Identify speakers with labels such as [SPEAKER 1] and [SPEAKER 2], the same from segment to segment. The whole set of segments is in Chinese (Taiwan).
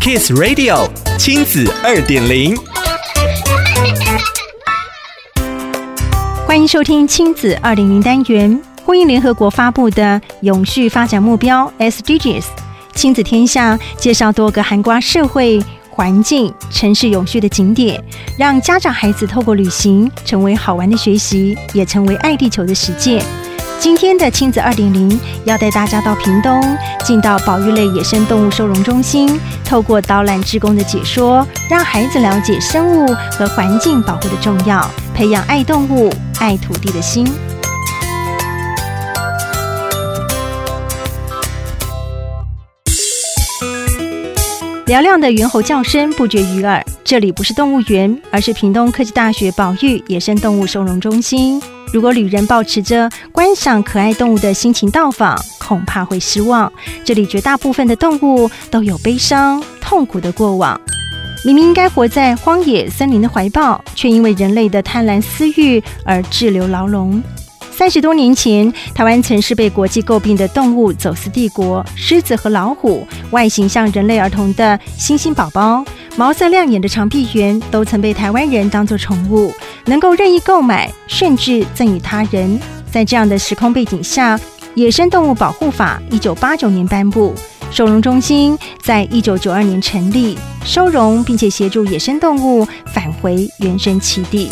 [SPEAKER 1] KISS Radio 親子二點零，歡迎收聽親子二點零單元。呼應聯合國發布的永續發展目標 SDGs，親子天下介紹多個涵括社會、環境、城市永續的景點，讓家長孩子透過旅行成為好玩的學習，也成為愛地球的實踐。今天的親子二點零要帶大家到屏東，進到保育類野生動物收容中心，透過導覽志工的解說，讓孩子了解生物和環境保護的重要，培養愛動物、愛土地的心。嘹 亮的猿猴叫聲不絕於耳，這裡不是動物園，而是屏東科技大學保育野生動物收容中心。如果旅人抱持着觀賞可愛動物的心情到訪，恐怕會失望。這裡絕大部分的動物都有悲傷、痛苦的過往。明明應該活在荒野、森林的懷抱，卻因為人類的貪婪私欲而滯留牢籠。三十多年前，台灣曾是被國際詬病的動物走私帝國。獅子和老虎，外形像人類兒童的猩猩寶寶，毛色亮眼的長臂猿，都曾被台灣人當作寵物。能夠任意購買，甚至贈與他人。在這樣的時空背景下，《野生動物保護法》一九八九年頒布，收容中心在一九九二年成立，收容並且協助野生動物返回原生棲地。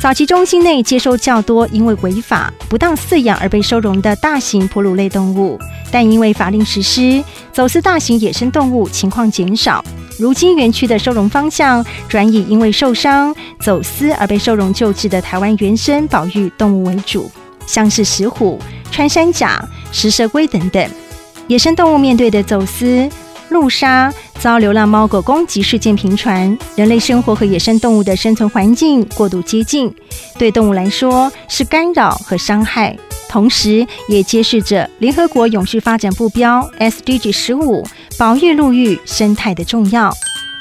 [SPEAKER 1] 早期中心內接收較多因為違法、不當飼養而被收容的大型哺乳類動物，但因為法令實施，走私大型野生動物情況減少。如今園區的收容方向轉以因為受傷、走私而被收容救治的台灣原生保育動物為主，像是石虎、穿山甲、食蛇龜等等。野生動物面對的走私、路殺、遭流浪貓狗攻擊事件頻傳，人類生活和野生動物的生存環境過度接近，對動物來說是干擾和傷害。同時，也揭示着聯合國永續發展目標 SDG 十五保育陸域生態的重要。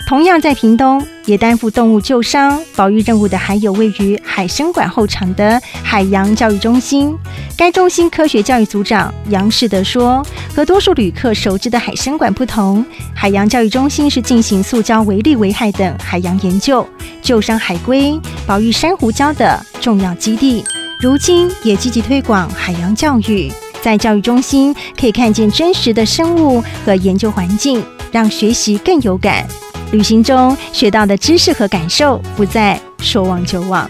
[SPEAKER 1] 同樣在屏東，也擔負動物救傷、保育任務的，還有位於海生館後場的海洋教育中心。該中心科學教育組長楊世德說：“和多數旅客熟知的海生館不同，海洋教育中心是進行塑膠微粒危害等海洋研究、救傷海龜、保育珊瑚礁的重要基地。”如今也積極推廣海洋教育，在教育中心可以看見真實的生物和研究環境，讓學習更有感。旅行中學到的知識和感受，不再說忘就忘。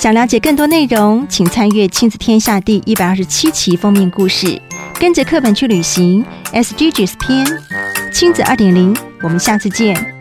[SPEAKER 1] 想了解更多內容，請參閱《親子天下》第一百二十七期封面故事《跟着課本去旅行》SDGs 篇，《親子二點零》。我們下次見。